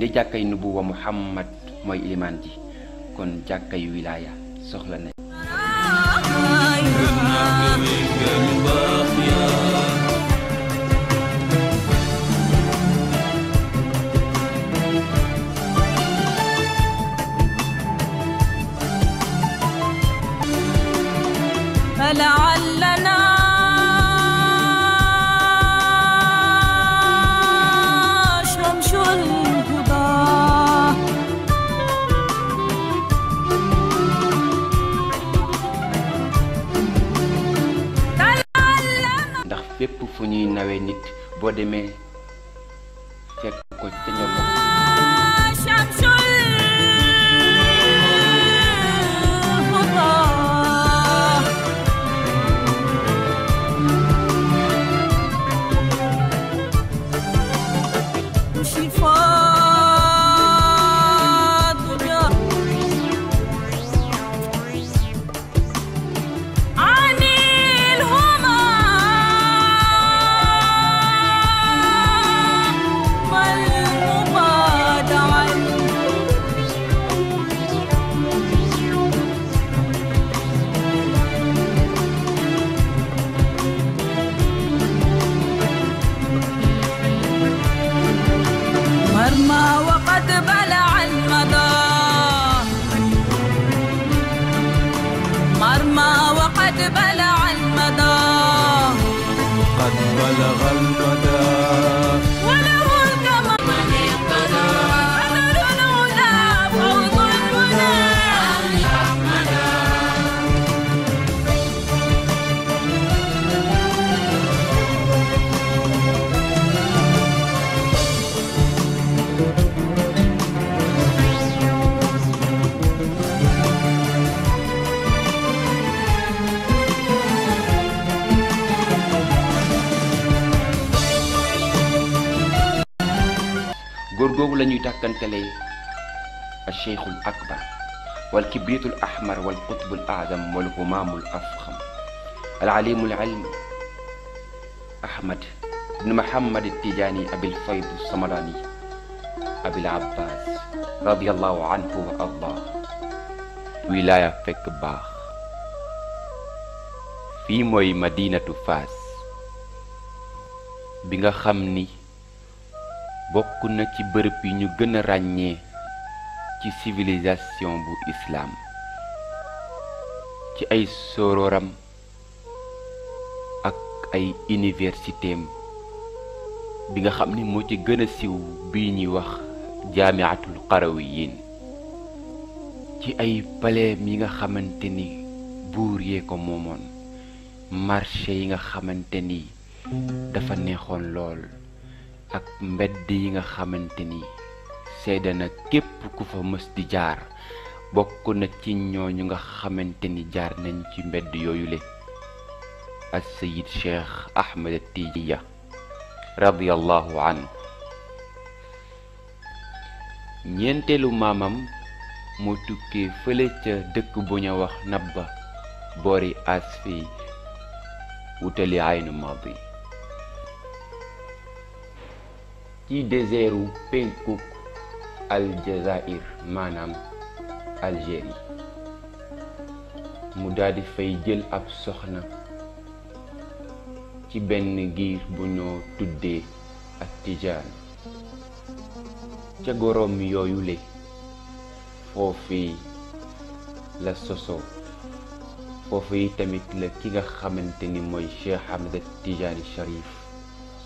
ndi jàkkay nubuwa Muhammad mooy ilimaan ji kon jàkkay wilaaya soxla na mê việc của tình yêu lañuy dakantalé الشيخ الأكبر والكبريت الأحمر والقطب الأعظم والهمام الأفخم العليم العلم أحمد بن محمد التجاني أبي الفيض السمراني أبي العباس رضي الله عنه وأرضاه ولاية فك باخ في مدينة فاس بيغا خمني bokk na ci bërëb yi ñu gën a ràññee ci civilisation bu islaam ci ay sororam ak ay universitéem bi nga xam ni moo ci gën a siiw bi ñuy wax jaamiatul qarawiyin ci ay paleem yi nga xamante ni buur yee ko moomoon marché yi nga xamante ni dafa neexoon lool ak mbedd yi nga xamante ni seede képp ku fa mës di jaar bokk na ci ñooñu nga xamante ni jaar nañ ci mbedd yooyule as sayid cheikh ahmed tijiya radiallahu an ñeenteelu maamam moo tukkee fële ca dëkk bu ñu wax nabba boori asfi uteli aynu madi ci désertu penkuk aljazair maanaam Algérie mu daldi fay jël ab soxna ci benn giir bu ñoo tuddee ak tijaan ca goroom yooyule foofii la soso foofu yi tamit la ki nga xamante ni mooy Cheikh Ahmed Tidiane Cherif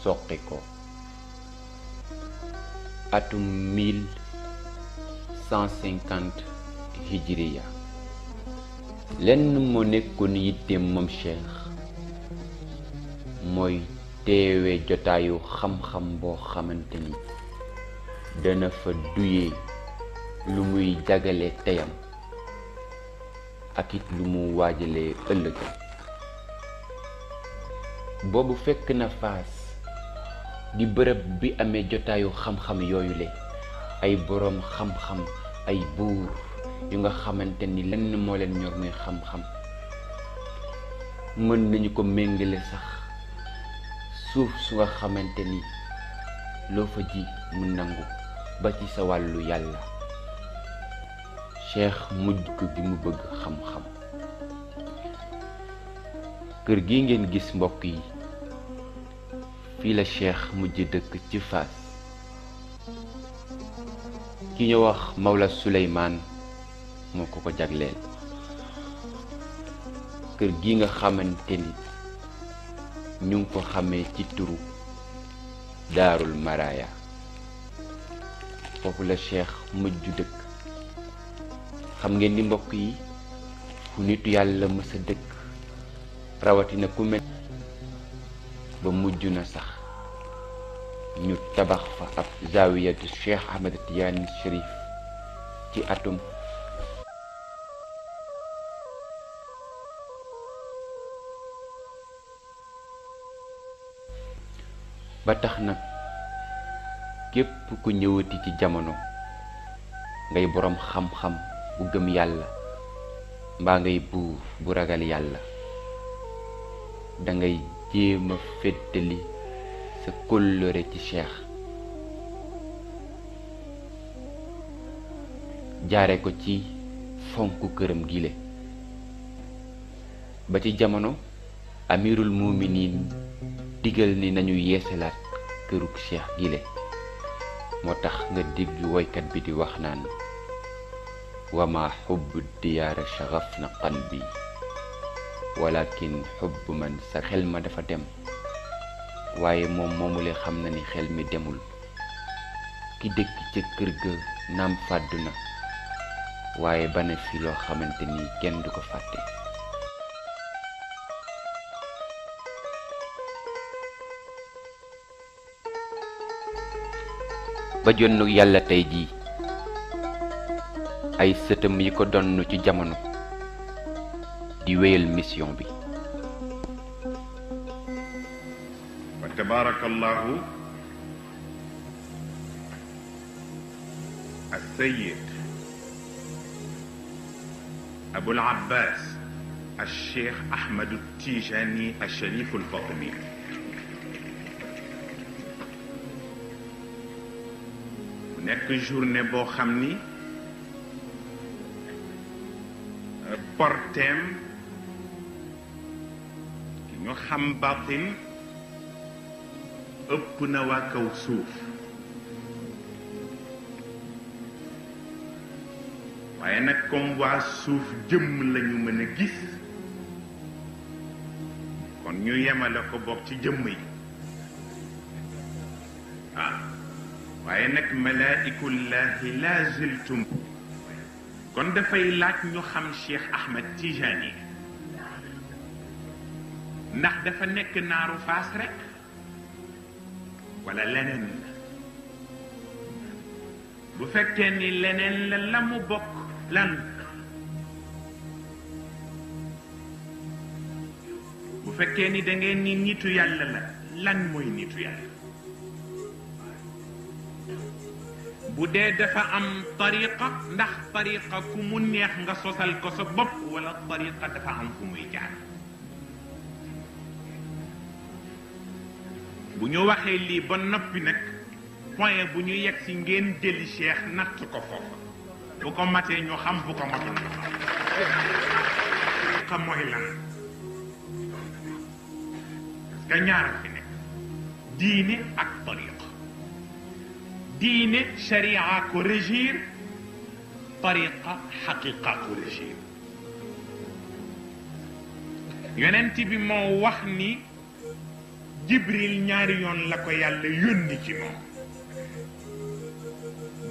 soqi ko atum 1150 hijriya lenn moo nekkoon yitteem moom cheikh mooy teewee jotaayu xam-xam boo xamante ni dana fa duyee lu muy jagale teyam ak it lu mu waajalee ëllëgam boobu fekk na faas di bërepp bi amé jotaayu xam-xam yooyu le ay borom xam-xam ay bour yu nga xamanteni lenn mo leen ñor muy xam-xam mën nañu ko mengalé sax suuf su nga xamanteni lo fa ji mu nangu ba ci sa walu yalla cheikh mujj ko bi mu bëgg xam-xam kër gi ngeen gis mbokk yi fi la cheikh mujj dekk ci Maula ki ñu wax Mawla Souleymane moo ko ko jagleel kër gi nga xamanteni ñu ko xamé ci turu darul maraya fofu la cheikh mujj dekk xam ngeen ni mbokk yi fu nitu yalla mësa rawati na ku mel ba mujj sax ñu tabax fa ab zawiyatu Cheikh Ahmed Tidiane Chérif ci atum ba tax na képp ku ñëwati ci jamono ngay boroom xam-xam bu gëm yàlla mbaa ngay buur bu ragal yàlla dangay jéem a sa kóllëre ci cheikh jaare ko ci fonk këram gile ba ci jamono amirul muminin digal ni nañu yeesalaat kërug cheikh gile moo tax nga digg woykat bi di wax naan wama xubbu diyaara shagaf na qalbi walakin xubb man sa xel ma dafa dem waaye moom moomule xam na ni xel mi demul ki dëkk ca kër ga naam fàddu na waaye bana fi loo xamante ni kenn du ko fàtte ba jonnu yàlla tey jii ay sëtam yi ko donn ci jamono di wéyal mission bi تبارك الله السيد أبو العباس الشيخ أحمد التيجاني الشريف الفاطمي نك جورني بو xam بارتيم porteem ñu xam baatin أبنا وكوسوف وأنا كم واسوف جم لنيو من جيس كون نيو يما لكو بوكتي جمي آه. وأنا ملائك الله لا زلتم كون دفاي لاك نيو خم شيخ أحمد تيجاني نخ دفا نك نارو فاس رك wala leneen la bu fekkee ni leneen la la mu bokk lan bu fekkee ni da ngeen ni nitu yàlla la lan mooy nitu yàlla bu dee dafa am tariqa ndax tariqa ku mu neex nga sosal ko sa bopp wala tariqa dafa am fu muy jaar bu ñu waxee lii ba noppi nag point bu ñu yegg si ngeen jëli cheikh natt ko foofa bu ko matee ñu xam bu ko matul ñu xam xam mooy lan parce que ñaar fi nekk diine ak tariq diine sharia ko régir tariqa xaqiqa ko régir yonent bi moo wax ni jibril ñaari yoon la ko yàlla yónni ci moom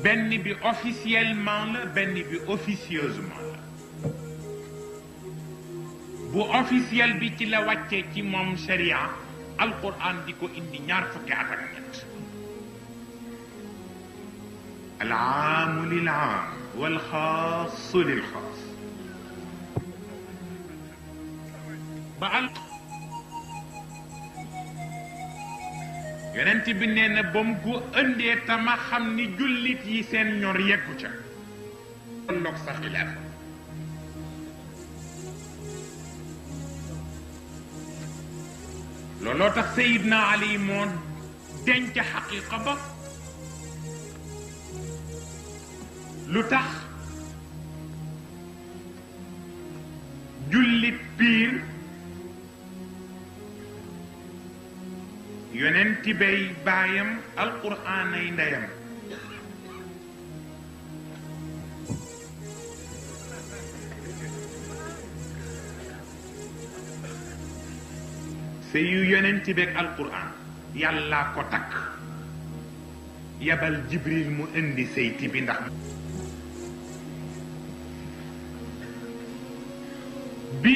benn bi officiellement la benn bi officieusement la bu officiel bi ci la wàccee ci moom sharia alquran di ko indi ñaar fukki at ak ñett al aamu lil aam wal xaasu lil xaas ba al yonent bi neena bom gu ënde ko ëndee tama xam ni jullit yi seen ñor yeggu ca kon ndox sa xilaafa looloo tax sayyidna ali moo denc haqiqa ba lu tax jullit piir yonenti bay baayam alquraan ay ndeyam se yu yonenti ko takk yabal jibril mu indi seyti bi ndax bi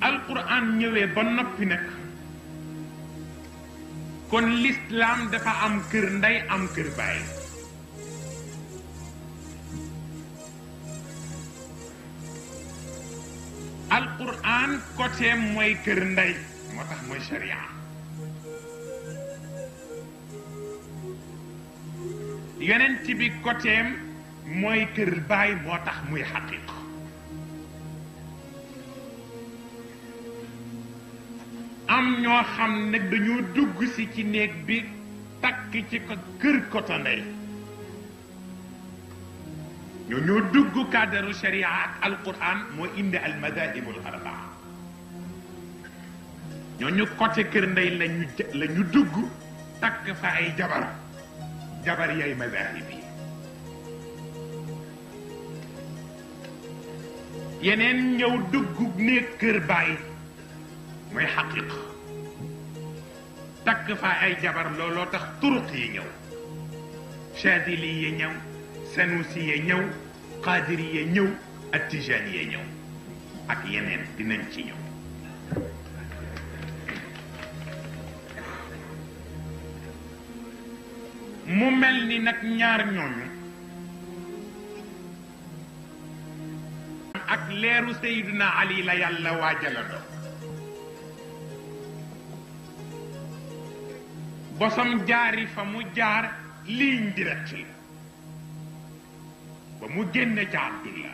alquraan ñëwee ba noppi nag kon l'islam dafa am kër ndey am kër baay alquran côté mooy kër ndey moo tax mooy sharia yonent bi côté mooy kër baay moo tax muy xaqiqa am ñoo xam nag dañoo dugg si ci néeg bi takk ci ko kër kotonay ñoo ñoo dugg cadre sharia ak alquran moo indi al madahibul arbaa ñoo ñu côté kër ndey lañu la ñu dugg takk fa ay jabar jabar yay madahib yi yeneen ñëw dugg néeg kër bàyyi mooy xaqiqa takk fa ay jabar looloo tax turuq yi ñëw chadili yi ñëw sanusi yi ñëw qadiri yi ñëw ak tijani yi ñëw ak yeneen dinañ ci ñëw mu mel ni nag ñaar ñooñu ak leeru sayduna ali la yàlla waajalando bosam jaari fa mu jaar ligne directe la ba mu génne ca Abdullah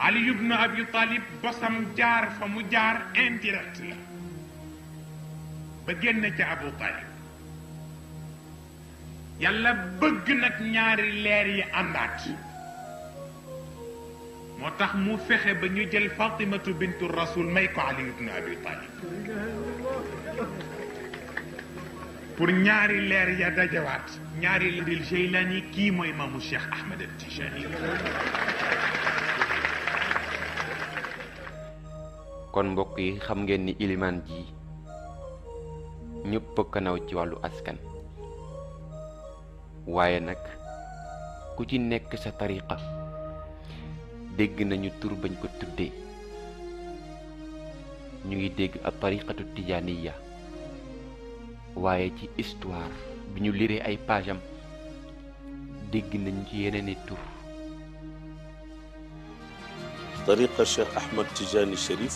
Ali ibn Abi Talib bosam jaar fa mu jaar indirect la ba génne ca Abu Talib yàlla bëgg nag ñaari leer yi àndaat moo tax mu fexe ba ñu jël fatimatu bintu rasul may ko ali ibnu abi talib pour ñaari leer ya dajewat ñaari leer Jeylani ki moy maamu cheikh ahmed al tijani kon mbokk yi xam ngeen ni iliman ji ñëpp kanaw ci walu askan waye nak ku ci nek sa tariqa dégg nañu tur bañ ko tuddee ñu ngi dégg ab tariqatu ya waaye ci histoire bi ñu liree ay page dégg nañ ci yeneen i tur tariqa cheikh ahmad tijaani sharif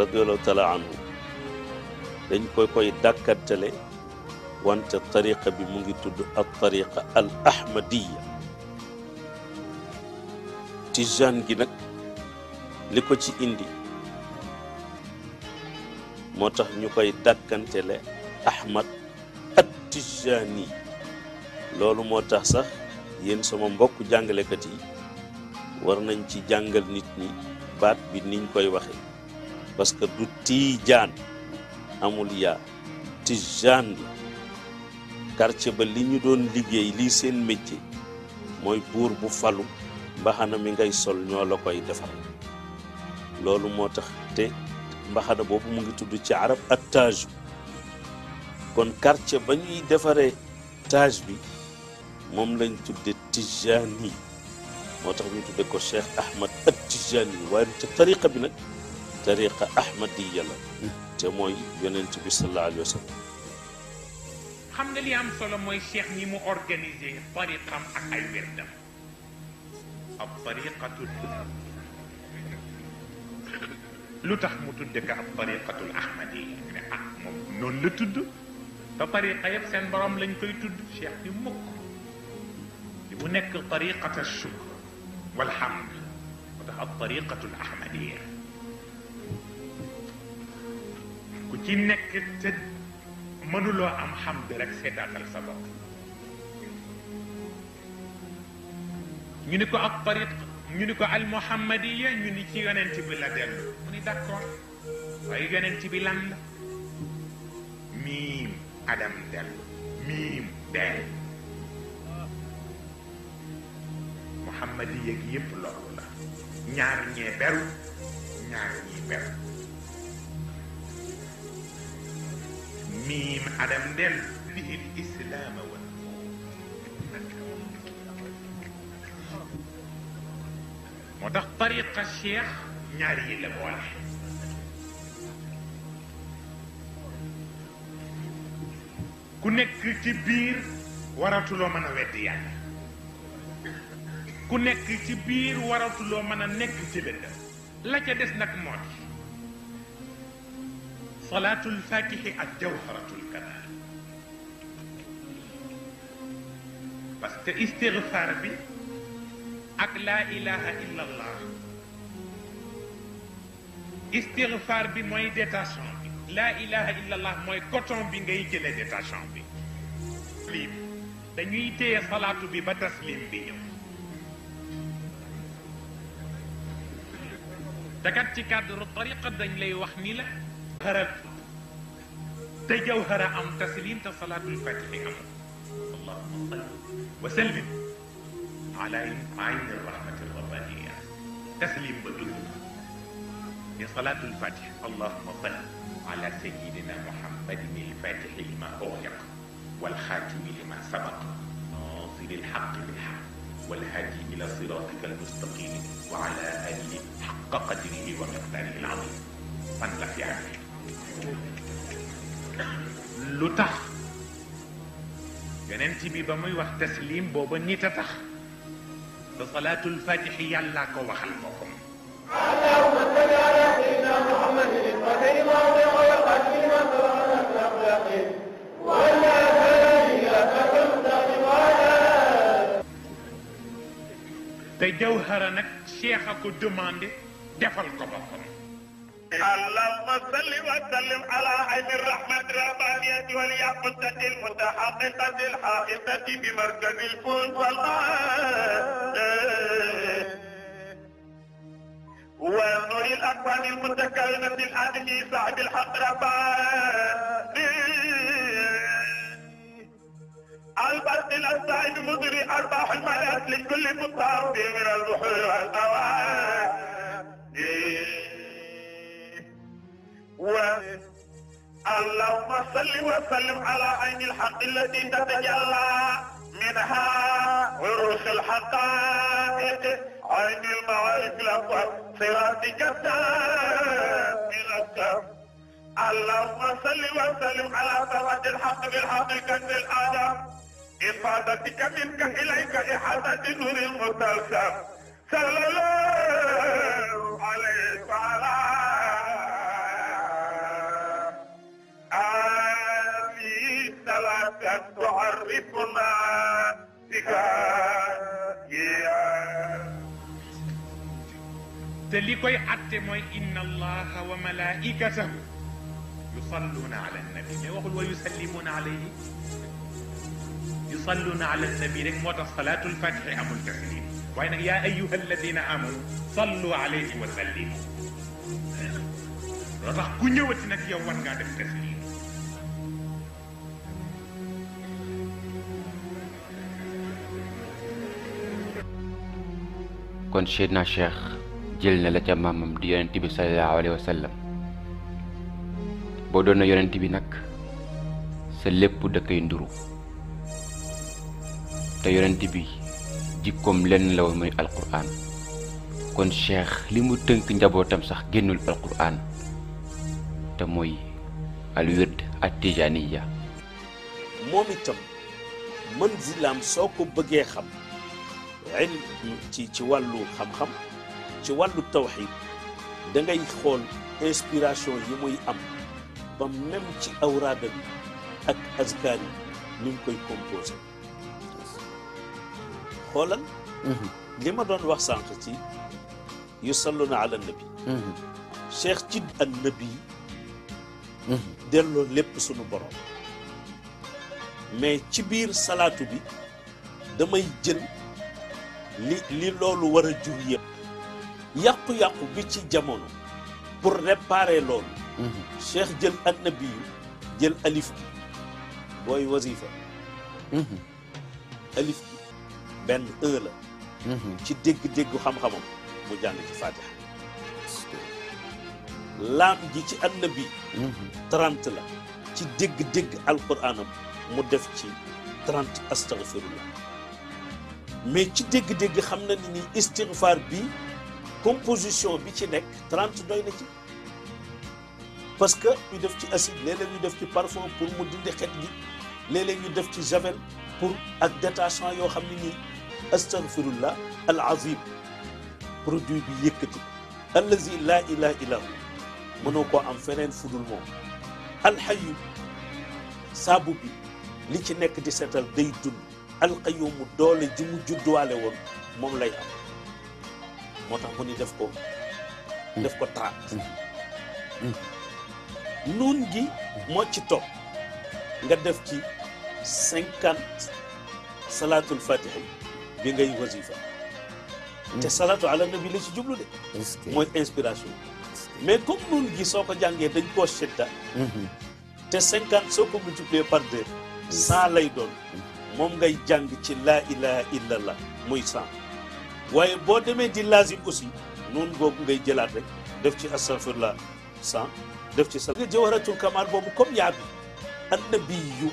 radiallahu taala anhu dañ koy koy dàkkantale wante tariqa bi mu ngi tudd al tariqa al ahmadiya tijane gi nak liko ci indi motax ñukoy ñu koy ahmad at tijani lolu motax sax yeen sama mbokk kat yi war nañ ci jangal nit ñi baat bi niñ koy waxe parce que du tijan amul ya tijan quartier ba li ñu doon liggéey lii seen métier mooy buur bu falu mbaxana mi ngay sol ñoo la koy defal loolu moo tax te mbaxana boobu mu ngi tudd ci arab ak taaj kon quartier ba ñuy defaree taaj bi moom lañ tudde Tijani moo tax ñu tudde ko Cheikh Ahmad ak Tijani waaye ca tariqa bi nag tariqa ahmadiya la te mooy yonent bi sallallahu alayhi wa sallam xam nga li am solo mooy cheikh ni mu organiser tariqam ak ay werdam الطريقة الأولى لتح متدك الطريقة الأحمدية يعني أحمد نون لتد فطريقة يبسن برام لن كي تد شيخ يمك يمنك طريقة الشكر والحمد وده الطريقة الأحمدية كتنك تد منو لو أم حمد لك سيدات الصدق ñu ni ko ak tariq ñu ni ko al muhammadiya ñu ni ci yonent bi la dellu mu ni d' accord waaye yonent bi lan la miim adam dellu miim deel muhammadiya gi yépp loolu la ñaar ñee beru ñaar ñii beru miim adam dellu li il islaama وده طريق الشيخ ناري الا بواحد كنك كبير ورات لو مانا ود يالا يعني. كنك كبير ورات لو مانا نيك سي بند لا نك موت صلاة الفاتح الجوهرة الكبار بس تي بي ak la ilaha illallah istighfar bi moy détachant bi laa ilaha illallah moy coton bi ngay jële détachant bi lim dañuy téye salaatu bi ba taslim bi ñu dakat ci cadre tariqa dañ lay wax ni la xara te jawhara am taslim te salaatul fatiha am allahuma salli wa sallim على عين الرحمة الربانية تسليم بالدخول لصلاة الفاتح اللهم صل على سيدنا محمد الفاتح لما أغلق والخاتم لما سبق ناصر الحق بالحق والهادي إلى صراطك المستقيم وعلى آله حق قدره ومقداره العظيم صنع في عملك lu tax yonent bi ba muy wax taslim booba فصلاة الفاتح يلا كو وخان اللهم صل على سيدنا محمد الفاتح موضع القديم صلاة الأخلاق ولا te jawhara nag cheikh a ko demandé defal ko boppam اللهم صل وسلم على عين الرحمة الربانية واليقظة المتحققة الحائطة بمركز الكون والله ونور الأكوان المتكلمة العدل صاحب الحق رباني البرد الأسعد مضري أرباح الملك لكل مطار من البحور والأواني اللهم صل وسلم على عين الحق التي تتجلى منها عروس الحقائق عين المعارف الأبواب صراطك من الدم اللهم صل وسلم على صراط الحق بالحق كنز الآدم إفادتك منك إليك إحاطة نور المتلسم سلام يصلون على النبي وهو يسلمون عليه يصلون على النبي موت الصلاة الفاتحة أم الكسلين يا أيها الذين آمنوا صلوا عليه وسلموا رضا كن يوتنك يوان قادم كسلين kon Seydina Cheikh jël na la ca mamam di yonent bi sallallahu alaihi wasallam bo na yonent bi nak sa lepp da kay nduru te yonent bi jikkom len la won moy alquran kon Cheikh limu teunk njabotam sax gennul alquran te moy alwird at tijaniya Momitam itam mën zilaam xam علم تي والو خم خم تي والو التوحيد دا ngay خول انسبيراسيون يي موي ام با ميم تي اوراد اك اذكار ني نكوي كومبوز خولن لما دون واخ سانك تي يصلون على النبي شيخ تي النبي دلو لب سونو بروم مي تي بير صلاتو بي damay jël li loolu war a jur yëpp yàqu-yàqu bi ci jamono pour réparer loolu mm-hmm. cheikh jël annabi yu jël alif bi booy wasifa mm-hmm. alif bi benn e la mm-hmm. ci dégg-déggu xam-xamam mu jàng ci fatiha laam ji ci annabi trente la ci dégg-dégg alquranam mu def ci trente astaghfirullah mais ci dégg-dégg xam na ni istighfar bi composition bi ci nekk 30 doy na ci parce que ñu def ci acide léeg-léeg ñu def ci parfum pour mu dindi xet gi léeg-léeg ñu def ci javel pour ak détachant yoo xam ne nii astaghfirullah al azim produit bi yëkkati allazi la ilaha illa hu mënoo koo am feneen fudul moom alxayu saabu bi li ci nekk di setal day dund alqayumu doole ji mu judduwaale woon moom lay am moo tax mu ni def ko mm. def ko trente mm. Mm. nuun gi moo ci topp nga def ci cinquante salaatul fatiha bi ngay wasifa te salaatu ala nabi ci jublu de mooy inspiration mais comme nuun gi soo ko jàngee dañ koo sedda mm-hmm. te soo ko multiplier par deux cent lay doon moom ngay jàng ci la ilaha illallah muy cent waaye boo demee di lazim aussi noonu boobu ngay jëlaat rek def ci astafirlah cent def ci sa nga jawharatul kamal boobu comme yaa bi annabi yu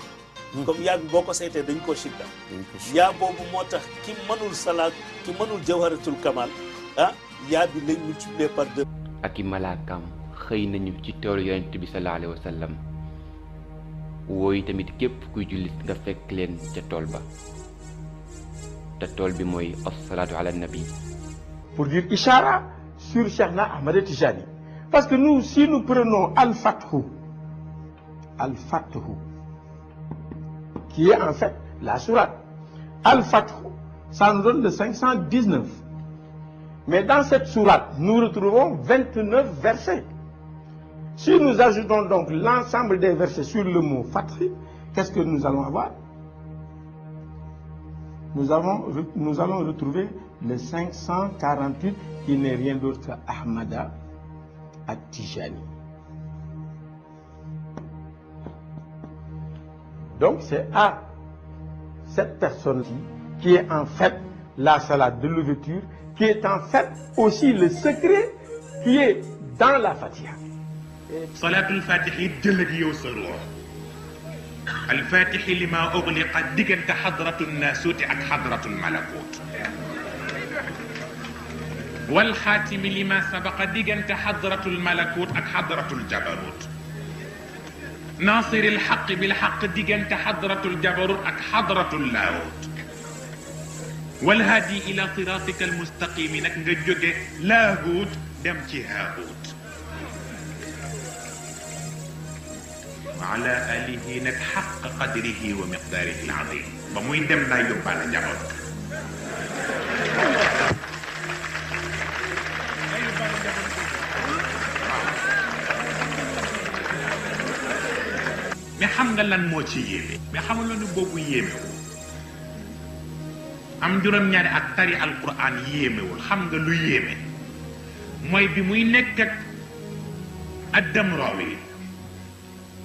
hmm. comme yaa boo ko saytee dañ ko shidda yaa moo tax ki mënul salaat ki mënul jawharatul kamal ah yaa bi lañ multiplier par deux ak i malaakaam xëy nañu ci toolu yonent bi sallallahu alayhi wa pour dire ishara sur Cheikhna Ahmed Tijani parce que nous si nous prenons al fathu al fathu qui est en fait la sourate al fathu ça nous donne le 519 mais dans cette sourate nous retrouvons 29 versets si nous ajoutons donc l'ensemble des versets sur le mot fatri, qu'est-ce que nous allons avoir nous, avons, nous allons retrouver le 548 qui n'est rien d'autre qu'Ahmada à Tijani. Donc c'est à cette personne-ci qui est en fait la salade de l'ouverture, qui est en fait aussi le secret qui est dans la fatia. صلاة الفاتح يدلك يوصل الفاتح لما أغلق دقن حضرة الناسوت عك حضرة الملكوت والخاتم لما سبق دقن حضرة الملكوت أت حضرة الجبروت ناصر الحق بالحق دقن حضرة الجبروت أت حضرة اللاهوت والهادي إلى صراطك المستقيم نك نجوك لاهوت دمك هاهوت وعلى آله نتحقق قدره ومقداره العظيم بموين دم لا يبقى لجعوك ما حمد الله نموتي يمي ما الله نبوبو يمي أم جرم نياري أكتاري القرآن يمي والحمد الله يمي موي بموين نكك أدم راويد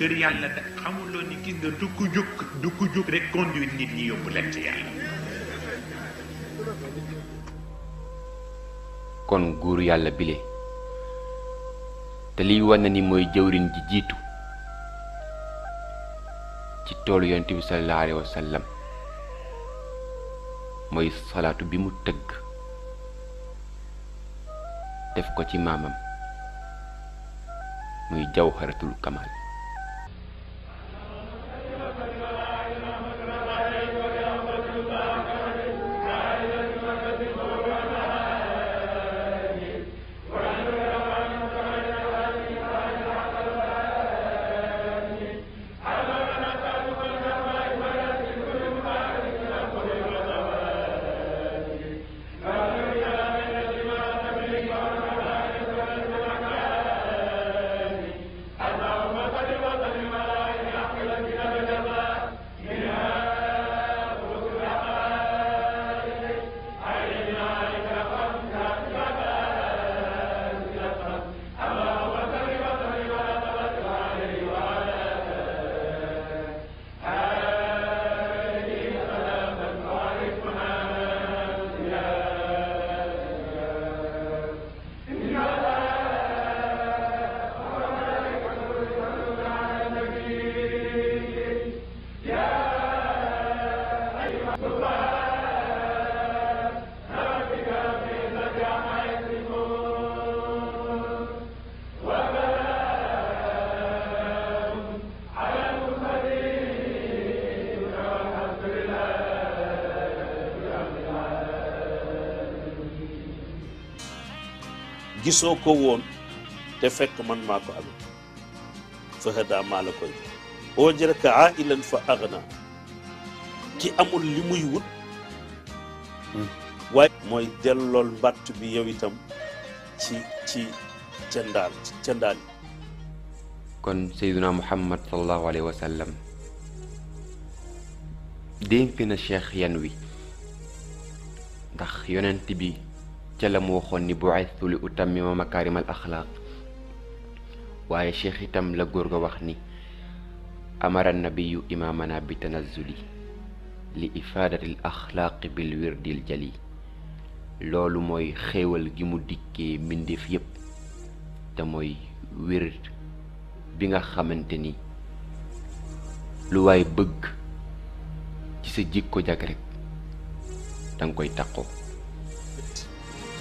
kër yàlla yàlla kon guur yàlla bile te liy wane ni mooy jëwriñ ji jiitu ci toolu yonent bi sallallahu mooy salaatu bi mu tëgg def ko ci maamam muy jawharatul kamal gisoo ko woon te fekk man maa ko amee fahada maa la koy oo jërëka ailan fa agna ki amul li muy wut hmm. waaye mooy dellool mbàtt bi yow itam ci ci ca ndaal ca yi kon sayduna muhammad sallallahu alayhi wa sallam dénk na cheikh yan wi ndax yonent bi تلم وخون ني بعث لأتمم مكارم الأخلاق وهي شيخ تم لغورغ وخني أمر النبي إمامنا بتنزلي لإفادة الأخلاق بالورد الجلي لولو موي خيول جمو ديكي من ديف يب تموي ورد بيغا خامنتني لواي بغ تسجيكو جاكريك تنكوي تاقو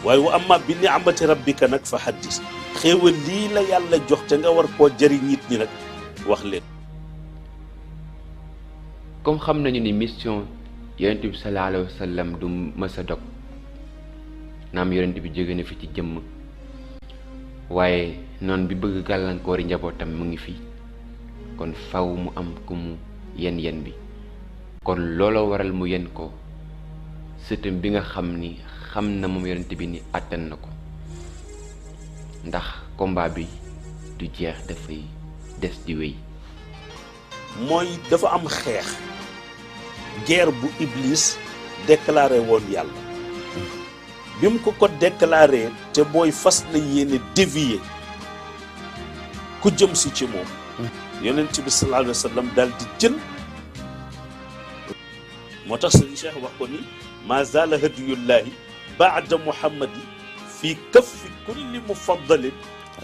waaye wa amma bi ni'amati rabbika nag fa haddis xéewal lii la yàlla jox te nga war koo jëriñ nit ñi nag wax leen comme xam nañu ni mission yonent bi sallallahu alayhi wa sallam du mës a dog naam yonent bi jóge na fi ci jëmm waaye noonu bi bëgg gàllankoori njabootam mu ngi fi kon faw mu am ku mu yen yen bi kon looloo waral mu yen ko sëtam bi nga xam ni xam na moom yonent bi ni àttan na ko ndax combat bi du jeex dafay des di wéy mooy dafa am xeex guerre bu Iblis déclaré woon yàlla bi mu ko ko déclaré te booy fas na yéene dévier ku jëm si ci moom yonent bi sallallahu alayhi wa sallam daal di jël moo tax sëñ Cheikh wax ko ni ma zaala hadiyullahi بعد محمد في كف كل مفضل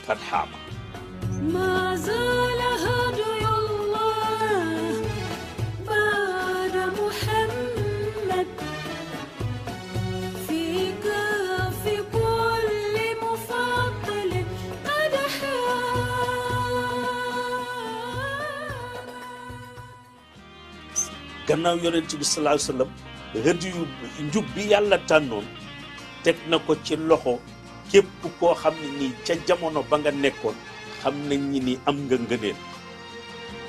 قد حام ما زال هدي الله بعد محمد في كف كل مفضل قد حام كنا يونتي صلى الله عليه وسلم هدي teg na ko ci loxo képp koo xam ne nii ca jamono ba nga nekkoon xam na ñi ni am nga ngëneel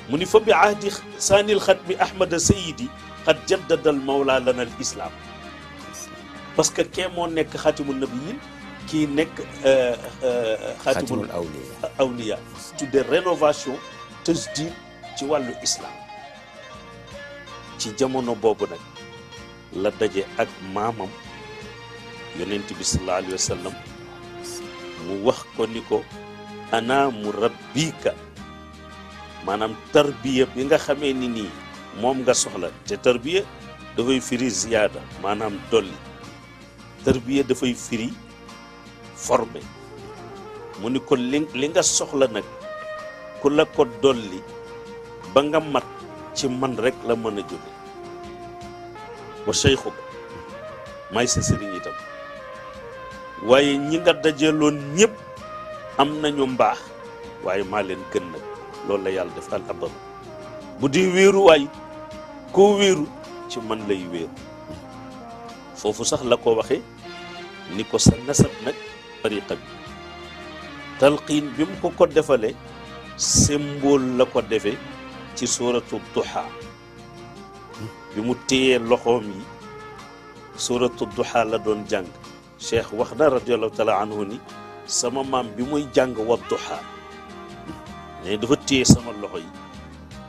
mu ni fa bi ahdi saanil xat mi ahmada sayidi xat jaddadal mawla lana al islam parce que kee moo nekk xatimul nabiyin kii nekk euh, euh, xaatimul awliya tudde rénovation tasdiq ci wàllu islam ci jamono boobu nag la daje ak maamam yonent bi sallallahu alayhi wa mu wax ko ni ko ana murabbika maanaam tarbiya bi nga xamee ni nii moom nga soxla te tarbiya dafay firi ziyaada maanaam dolli tarbiya dafay firi formé mu ni ko li li nga soxla nag ku la ko dolli ba nga mat ci man rek la mën a jóge wa cheikhuka may sa sëriñ waaye ñi nga dajaloon ñëpp am nañu mbaax waaye maa leen gën nag loolu la yàlla def al bu di wéeru koo wéeru ci man lay wéeru foofu sax la ko waxe ni ko sa nasab nag tariqa bi talqiin bi mu ko ko defale symbole la ko defe ci suratu duha bi mu téyee loxoom yi suratu duha la doon jàng cheikh wax na radiallahu taala anhu ni sama maam bi muy jàng wadduha ne dafa téye sama loxo yi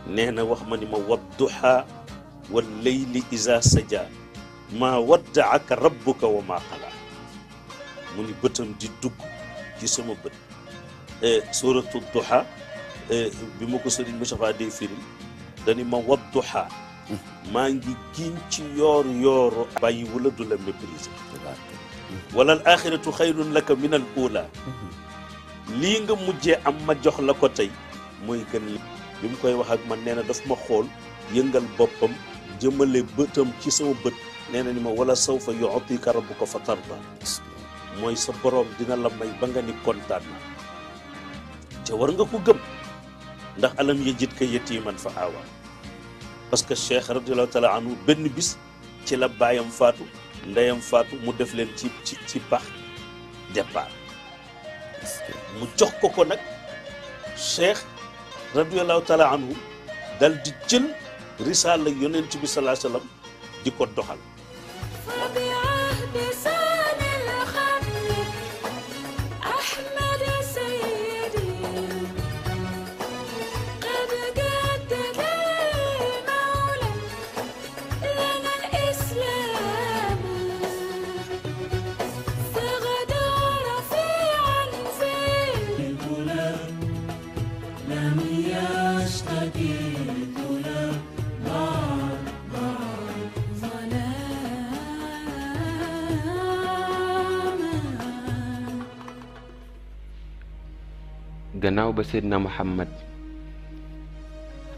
nee na wax ma ni ma wadduha wal layli iza saja maa waddaaka rabbuka wa maa qala mu ni bëtam di dugg ci sama bët e, suratu duha e, bi ma ko sëriñ Moustapha day firi dani ma wadduha hmm. maa ngi giñ ci yoor yooru bàyyi wala du la mépriser walalaxiratu xayrun laka min al ula lii nga mujjee am ma jox la ko tey mooy gën li bi mu koy wax ak man nee na daf ma xool yëngal boppam jëmale bëtam ci sama bët nee na ni ma wala saw fa yutika rabbuka fa tarda mooy sa borom dina la may ba nga ni kontaan na te war nga ko gëm ndax alam yajid ka yatiman fa aawa parce que cheikh radiallahu taala anhu benn bis ci la baayam faatu ndeyam faatu mu def leen ci ci ci pax départ mu jox ko ko nag cheikh radiallahu taala anhu dal di jël risaala yonent bi salaa sallam di ko doxal gannaaw ba seydna muhammad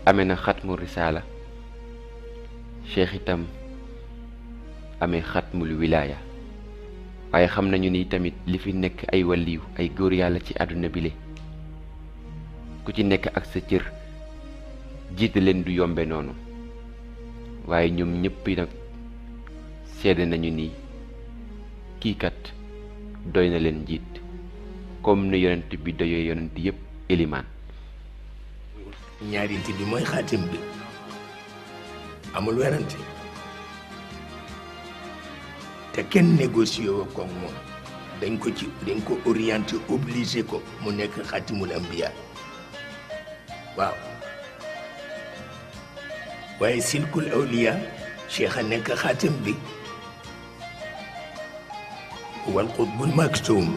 ame na xatmu risaala cheikh itam amee xatmul wilaaya waaye xam nañu ni tamit li fi nekk ay waliyu ay góor yàlla ci àdduna bile ku ci nekk ak sa cër jiit leen du yombe noonu waaye ñoom ñëpp nag seede nañu ni kii kat doy na leen jiit comme ni yonent bi dayoo yonent mooy xaatim bi amul werante te kenn négocié woo ko moom dañ ko ci dañ ko orienté obligé ko mu nekk xaatimul ambiya waaw waaye silkul awliya cheikh a nekk xaatim bi wal qutbul maktum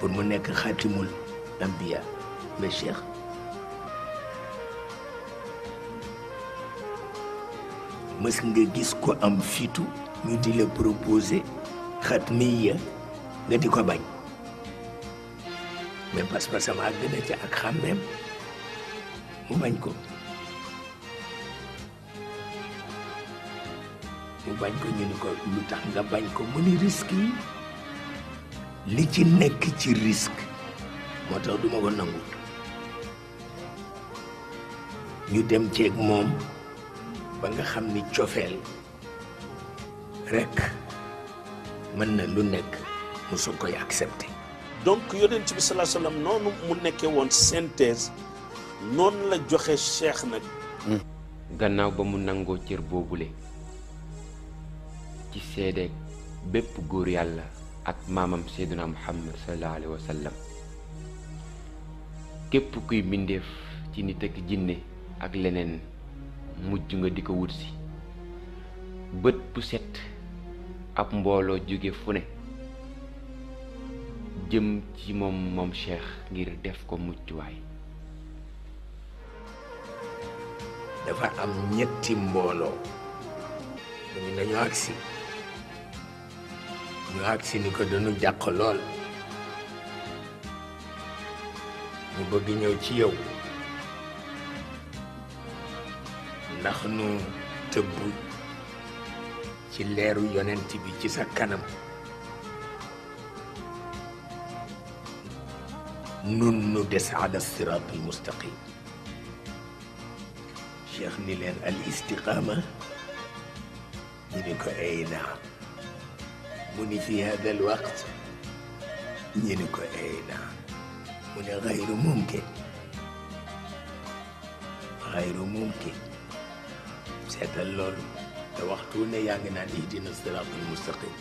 pour mu nek khatimul ambiya mais cheikh mës nga gis ko am fitu ñu di le proposer khatmiya nga di ko bañ mais pas que sama gën ci ak xàmmeem mu bañ ko mu bañ ko ñu ni ko lutax nga bañ ko mu ni risque li ci nekk ci risque moo tax duma ko nangu ñu dem ceeg moom ba nga xam ni cofeel rekk mën na lu nekk mu soog koy accepté donc yonent bi noonu mu nekkee woon synthèse noonu la joxe cheikh nag hmm. gannaaw ba mu nangoo cër boobule ci seede bépp góor yàlla ak maamam seyduna muhammad sallallahu alayhi wa képp kuy mbindeef ci nit ak jinne ak leneen mujj nga di ko wut si bët bu set ab mbooloo jóge fu ne jëm ci moom moom cheikh ngir def ko muccuwaay dafa am ñetti mbooloo ñu nañu agsi ñu agsi ni ko dañu jàq lool ñu bëgg ñëw ci yow ndax nu tëbb ci leeru yonent bi ci sa kanam nun nu des ala sirat al mustaqim cheikh ni leen al istiqama ñu ni ko ay naam مني في هذا الوقت ينكو أين من غير ممكن غير ممكن سيادة اللول توقتونا يانجنا اهدنا الصراط المستقيم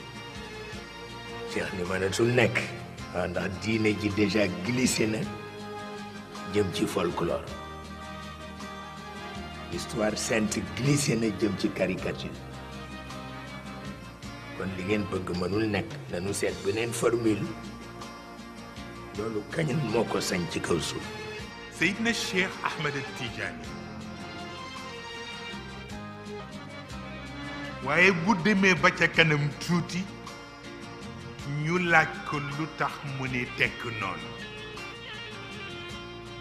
شيخ نمانا تلنك عند الدين جي ديجا جلسنا جم ci folklore histoire sainte glissée na jëm ci caricature kon li ngeen bëgg mënul nekk nañu seet beneen formule loolu kañan moo ko sañ ci kaw suuf Seydina Cheikh Ahmed al Tijaani waaye bu demee ba ca kanam tuuti ñu laaj ko lu tax mu ne tekk noonu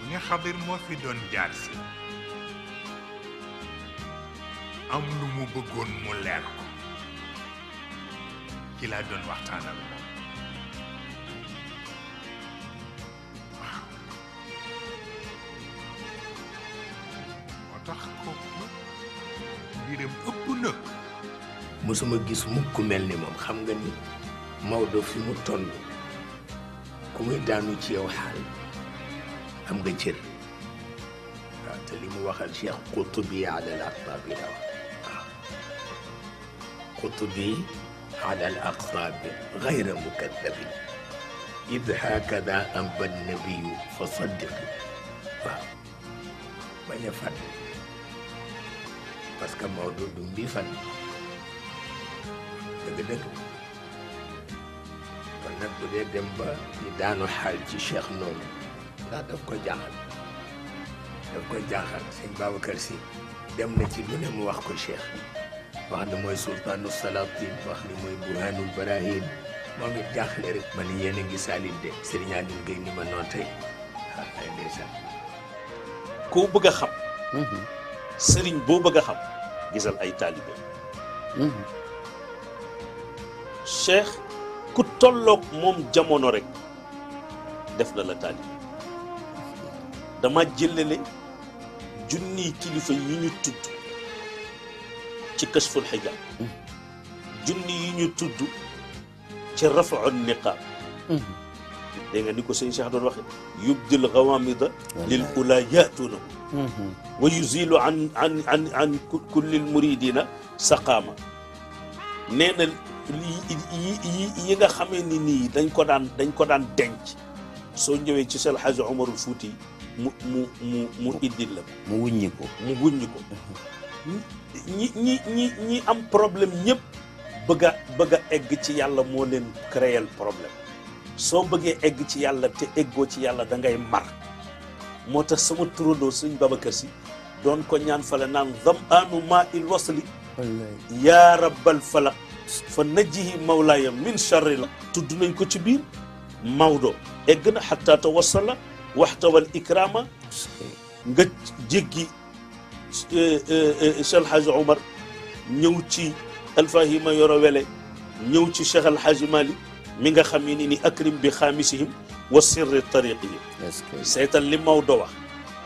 nga xadir moo fi doon jaar si am lu mu bëggoon mu leer ko ki laa doon waxtaanal moom moo tax kooku mbiram ëpp na mosuma gis mukk mel ni moom xam nga ni Maodo fi mu toll ku muy daanu ci yow xaal am nga cër waaw te li mu waxal Cheikh Qutbi alal asbaab bi la wax waaw على الأقطاب غير مكذبين إذ هكذا أنبى النبي فصدق ما يفعل بس كما أردو بيفعل دغدغ فانا بودي دمبا دي دانو حال شي شيخ نون لا داف كو جاخال داف كو جاخال سي بابكر سي دم نتي لو نم واخ كو شيخ wax ne mooy sultaanu Salatin wax ne mooy burhanul barahim moom it jaaxle rek ma ni yéen a ngi saalinte Serigne ni ma noon tey ah, koo bëgg a xam mm-hmm. sëriñ boo bëgg a xam gisal ay taalibe mm-hmm. cheikh ku tolloog moom jamono rek def na la taalibe dama jëlale junniy kilifa yi ñu tudd ci kasful xijab junni yi ñu tudd ci rafaul niqab dégg nga ni ko sëñ Cheikh doon waxe yubdil gawamida lil ula yatuunahu wa yuzilu an an an an kulli muridina saqaama nee na yi yi nga xamee ni nii dañ ko daan dañ ko daan denc soo ñëwee ci sel xaaj Umarul Fuuti mu mu mu mu indil la mu wuññi ko mu wuññi ko ñi ñi ñi ñi am problème ñëpp bëgg a bëgg a egg ci yàlla moo leen créer problème soo bëggee egg ci yàlla te eggoo ci yàlla da ngay mar moo tax sama turandoo suñ Babacar Si doon ko ñaan fale naan dam aanu maa il wasli yaa rabbal falaq fa najjihi mawlaaya min charri la tudd nañ ko ci biir Maodo egg na xatta tawassala waxtawal ikraama nga jéggi Cheikh Hadj Omar ñëw ci alfahima yoro wele ñëw ci Cheikh Al Hadj Mali mi nga xam ne ni akrim bi xaamisihim wa sirri tariqihim seetal li Maodo wax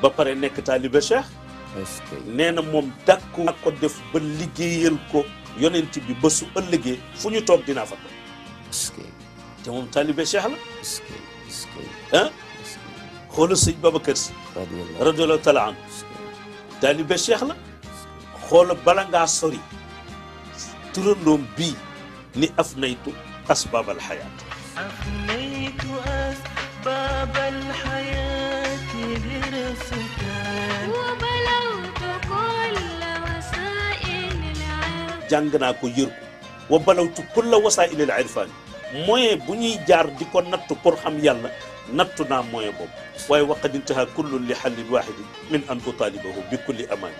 ba pare nekk taalibe Cheikh nee na moom dàkku ko def ba liggéeyal ko yonent bi ba su ëllëgee fu ñu toog dinaa fa toog te moom taalibe Cheikh la ah xoolal sëñ Babacar si radiallahu taala anhu داني بشيخلا خول بلانغا سوري ترنوم بي ني أفنيت أسباب الحياة أفنيت أسباب الحياة لرفتان وبلغت كل وسائل العرفان جانغنا يركو وبلغت كل وسائل العرفان moyen bu ñuy jaar di ko nattu pour xam yàlla nattu naa moyen boobu waaye waqad intaha kullun li xallin waxidi min an utaalibahu bi kulli amaani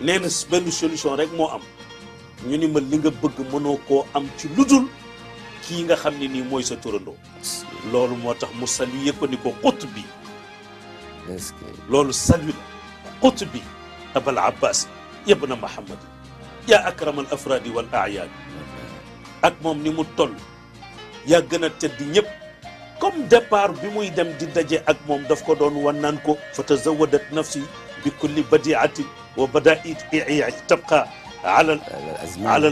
nee na benn solution rek moo am ñu ni ma li nga bëgg mënoo koo am ci ludul kii nga xam ne nii mooy sa turandoo loolu moo tax mu salué ko ni ko xut bi loolu salué xut bi abal abbas ibna mahamad yaa akram al afraadi wal aayaad ak moom ni mu toll yaa gën a tedd ñëpp comme départ bi muy dem di daje ak moom daf ko doon wan naan ko fa tazawadat nafsi bi kulli badiatin wa badait tabqa ala ala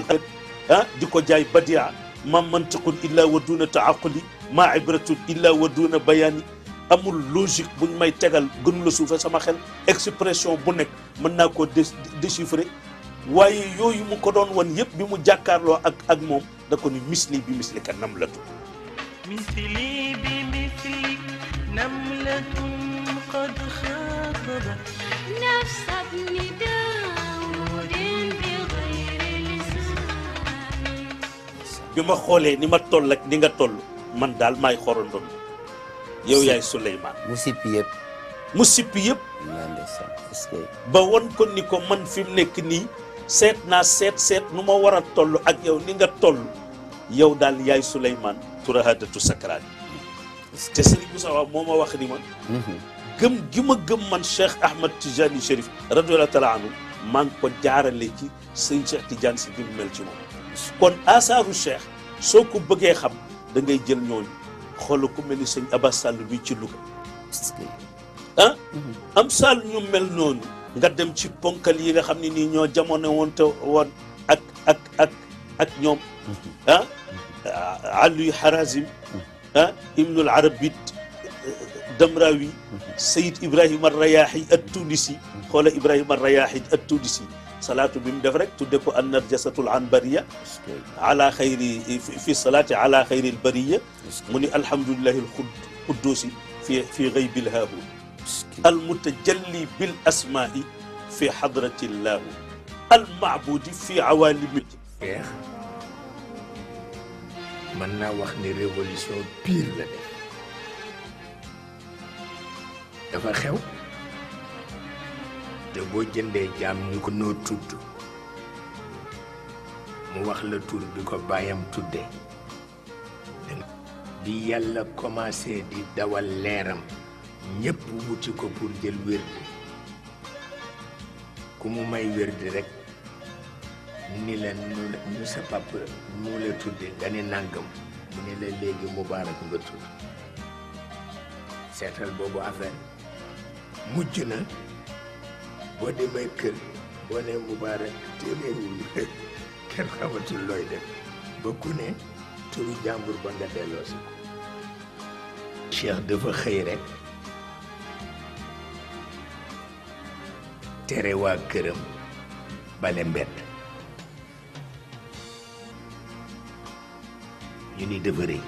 ah di ko jaay badia ma mantiqun illa wa duna taaquli ma ibratun illa wa duna bayaani amul logique buñ may tegal gënu la suufe sama xel expression bu nekk mën naa koo déchiffrer waaye yooyu mu ko doon wan yëpp bi mu jàkkaarloo ak ak moom da ko ni misli bi misli ka nam la tun misli bi misli nam la tun qad xaataba nafsa bni daawudin bi gayri lisaan bi ma xoolee ni ma toll ak ni nga toll man daal maay xorondoon yow yaay Souleymane mu sippi yëpp mu sippi yëpp ba won ko ni ko man fi mu nekk nii seet naa seet seet nu ma war a toll ak yow ni nga toll yow daal yaay Souleymane turahadatu sakraat te Serigne Moussa Wa moo ma wax ni ma mhm. gëm gi ma gëm man Cheikh Ahmad Tijani Chérif radiyallahu taala anhu maa ngi ko jaarale ci sëñ Cheikh Tidiane si bi mel ci moom kon asaaru Cheikh soo ko bëggee xam dangay jël ñooñu xoolal ku mel ni sëñ Abbas Sall bi ci Louga ah mhm. am Sall ñu mel noonu nga dem ci ponkal yi nga xamni ni ñoo jamono won te won ak ak ak ak ñom ah aliyu harazim ah ibnul arabit damrawi sayid ibrahima arrayahi at tunisi xoola ibrahima arrayahi at tunisi salatu bim def rek tudde ko an narjasatul anbariya ala khairi fi salati ala khairi xayri albariya mu ni alhamdulilahi alxuddusi fi fi ghaibil haabut المتجلي بالاسماء في حضره الله المعبود في عوالم الجنه من وخني ريفوليسيون بير لا دافا خيو دبو جندي جام نيكو نو تود مو واخ لا تور ديكو بايام تودي دي يالا كوماسي دي دوال ليرام ñépp wuti ko pour jël wérd ku mu may wérd rekk ni la ñu sa papa mu la tudde nga ni nàngam mu ne la léegi mubaarak nga tudd seetal boobu affaire mujj na boo demee kër boo ne mubaarak téeméerul kenn xamatul looy def ba ku ne turu jàmbur ba nga delloo si ko Cheikh dafa xëy rekk tere waa këram bale mbedd ñu ni dafa rëy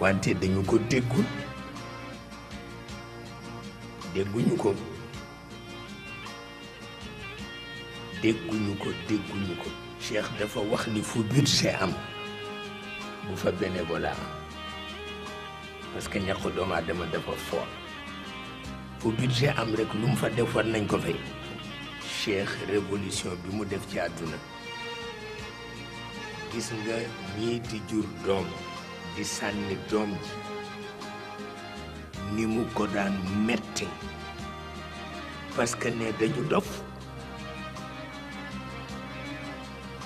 wante dañu ko déggul dégguñu ko dégguñu ko dégguñu ko Cheikh dafa wax ni fu budget am bu fa bénévolat am parce que ñàkk doomu aadama dafa fort fu budget am rek lu mu fa def war nañ ko fay Cheikh révolution bi mu def ci àdduna gis nga ñii di jur doom di sànni doom ji ni mu ko daan metti parce que ne dañu dof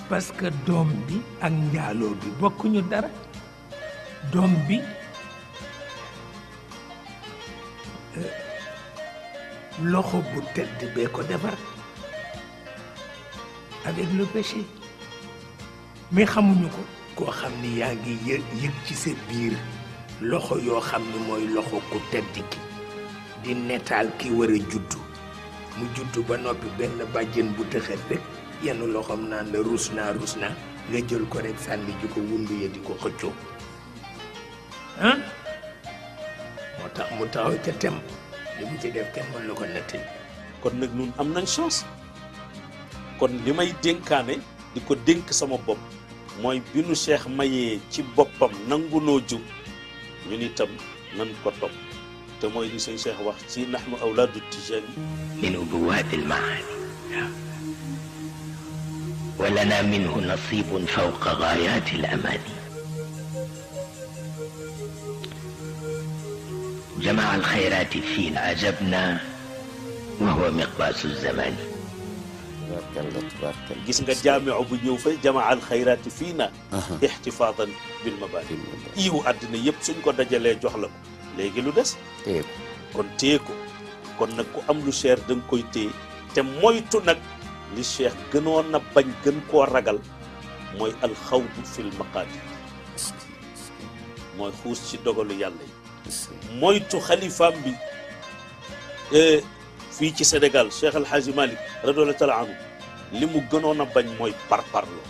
parce que doom bi ak njaaloo bi bokkuñu dara doom bi loxo bu tedd bee ko defar avec le péché xamuñu ko koo xam ni yaa ngi yë yëg ci sa biir loxo yoo xam ni mooy loxo ku tedd ki di netaal ki war a juddu mu juddu ba noppi benn bàjjen bu tëxat rek yenn loxoom naan la ruus naa ruus naa nga jël ko rek sànni ji ko wundu ya di ko xëccoo moo tax mu taxaw ca tem li mu ci def kenn mën la ko nettali kon nag ñun am nañ chance kon li may dénkaane di ko dénk sama bopp mooy bi nu cheikh mayee ci boppam nangu noo jub ñun itam nan ko topp te mooy li sëñ cheikh wax ci nahnu awlaadu tijani min ubuwaat almaani ولنا منه نصيب فوق غايات الاماني جمع الخيرات فينا عجبنا وهو مقباس الزمان تبارك gis nga jaamiu bu ñëw fa jamaa alxayraati fii na ixtifaadan bil mabaadi iwu àddina yëpp suñ ko dajalee jox la ko léegi lu des téye ko kon téye kon nag ku am lu cher da nga koy téye te moytu nag li cheikh gënoon a bañ gën ko ragal mooy alxawdu fil maqaadir mooy xuus ci dogalu yàlla moytu xalifaam bi e, fii ci Sénégal Cheikh El Hadji Malick radiyallahu taala li mu gënoon a bañ mooy parparlo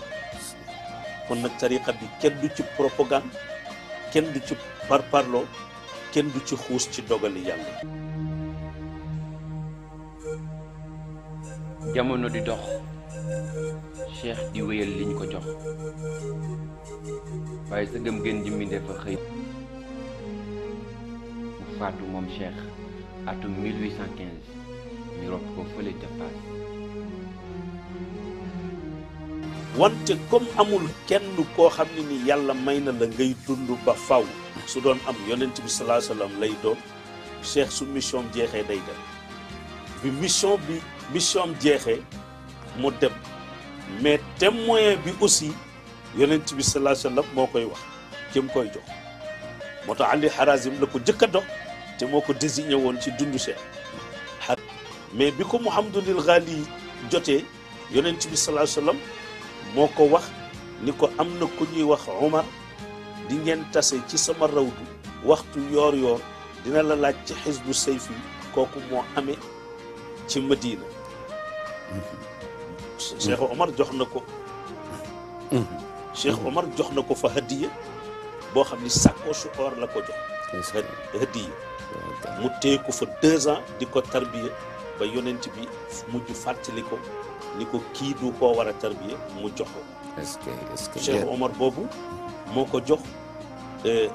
kon nag tariqa bi kenn du ci propagande kenn du ci parparlo kenn du ci xuus ci dogali yàlla. jamono di dox Cheikh di wéyal li ko jox waaye sa gëm gën ji mi xëy. faatu moom Cheikh atum 1815 ñu rob ko wante comme amul kenn koo xam ne ni yàlla may na la ngay dund ba faw su doon am yonent bi salaa salaam lay doon Cheikh su mission jeexee day dem bi mission bi mission jeexee mu dem mais témoin bi aussi yonent bi salaa moo koy wax jëm koy jox moo tax Ali Harazim la ko jëkk a dox تموكو ديزيني وون سي دوندو سي مي بيكو محمد الغالي جوتي يونس بي صلى الله عليه وسلم موكو واخ نيكو امنا كوني واخ عمر دي نين تاسي سي سما رودو وقتو يور يور دينا لا لاج سي حزب سيفي كوكو مو امي سي مدينه شيخ عمر جوخناكو شيخ عمر جوخناكو فهديه بو خامي ساكو سوور لاكو جوخ hëddi mu téye ko fa deux di ko tarbiya ba yonent bi mujj fàttali ko ni ko kii ko koo war a tarbiya mu joxo ko est-ce que est-ce que Cheikh Omar boobu moo ko jox euh,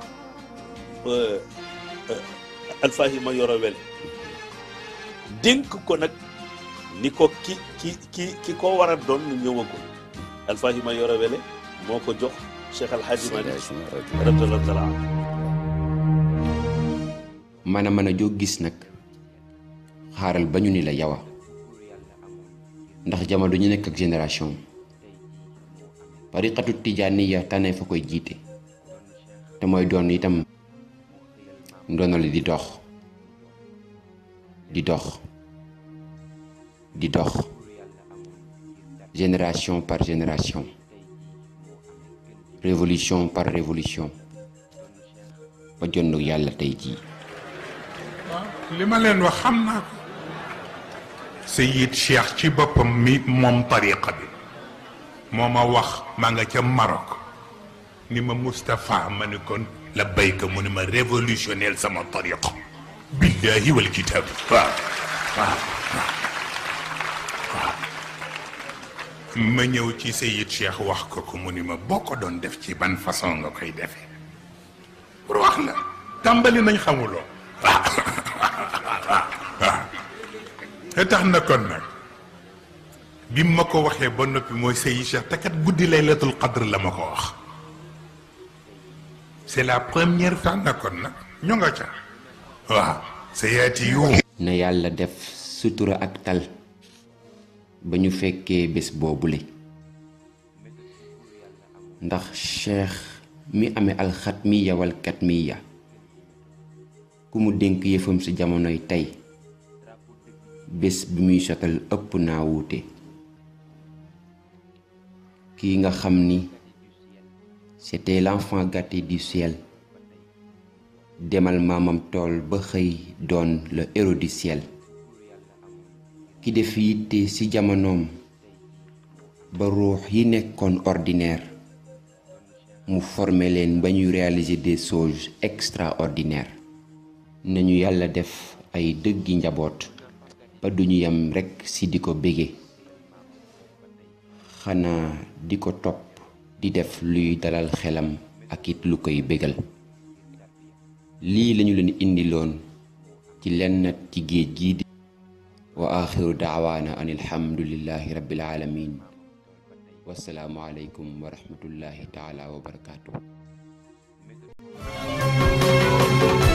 euh, euh, alfahima yorowel dénk ko nag ni ko ki ki ki ki ko war a doon ñëwagul alfahima yorowele moo ko jox Cheikh Alhaji Malick radiyallahu taala mana a joo gis nag xaaral ba ñu ni la yawa ndax jamono ñu nekk ak génération tariqatu tijaaniya tane fa koy jiite te mooy doon itam ndonali di dox di dox di dox génération par génération révolution par révolution ba jonn yàlla tey jii لما لن وخمنا سيد شيخ تي بوبم موم طريقه بي موما واخ ماغا تي ماروك نيما مصطفى من كون لا بايك من ما ريفولوشنيل سما طريقه بالله والكتاب ف آه. آه. آه. ما نيو تي سيد شيخ واخ كوكو مونيما بوكو دون ديف تي بان فاصون غاكاي ديفي روخنا تامبالي نان خامولو te tax na kon nag bi ma ko waxee ba noppi mooy sëyi Cheikh te kat guddi laylatul qadr la ma ko wax c'est la première tax na kon nag ñu nga ca waaw sa yaati yu na yàlla def sutura ak tal ba ñu fekkee bés boobule ndax cheikh mi amee alxatmiya wal katmiya ku mu dénk yëfam si jamonoy tey bés bi muy c'était l'enfant gâté du ciel demal maamam tool ba xëy le héros du ciel Qui def yitte si jamonoom ba ruux yi ordinaire mu formé ba réaliser des choses extraordinaires nañu def ay dëggi ba duñu yem rekk si di ko bége xanaa di ko topp di def luy dalal xelam ak it lu koy bégal lii lañu leen indiloon ci lennat ci géej gi di wa axiru daawaana an alhamdulillahi rabbil alamin wasalaamu aleykum wa rahmatullahi wa barakatuh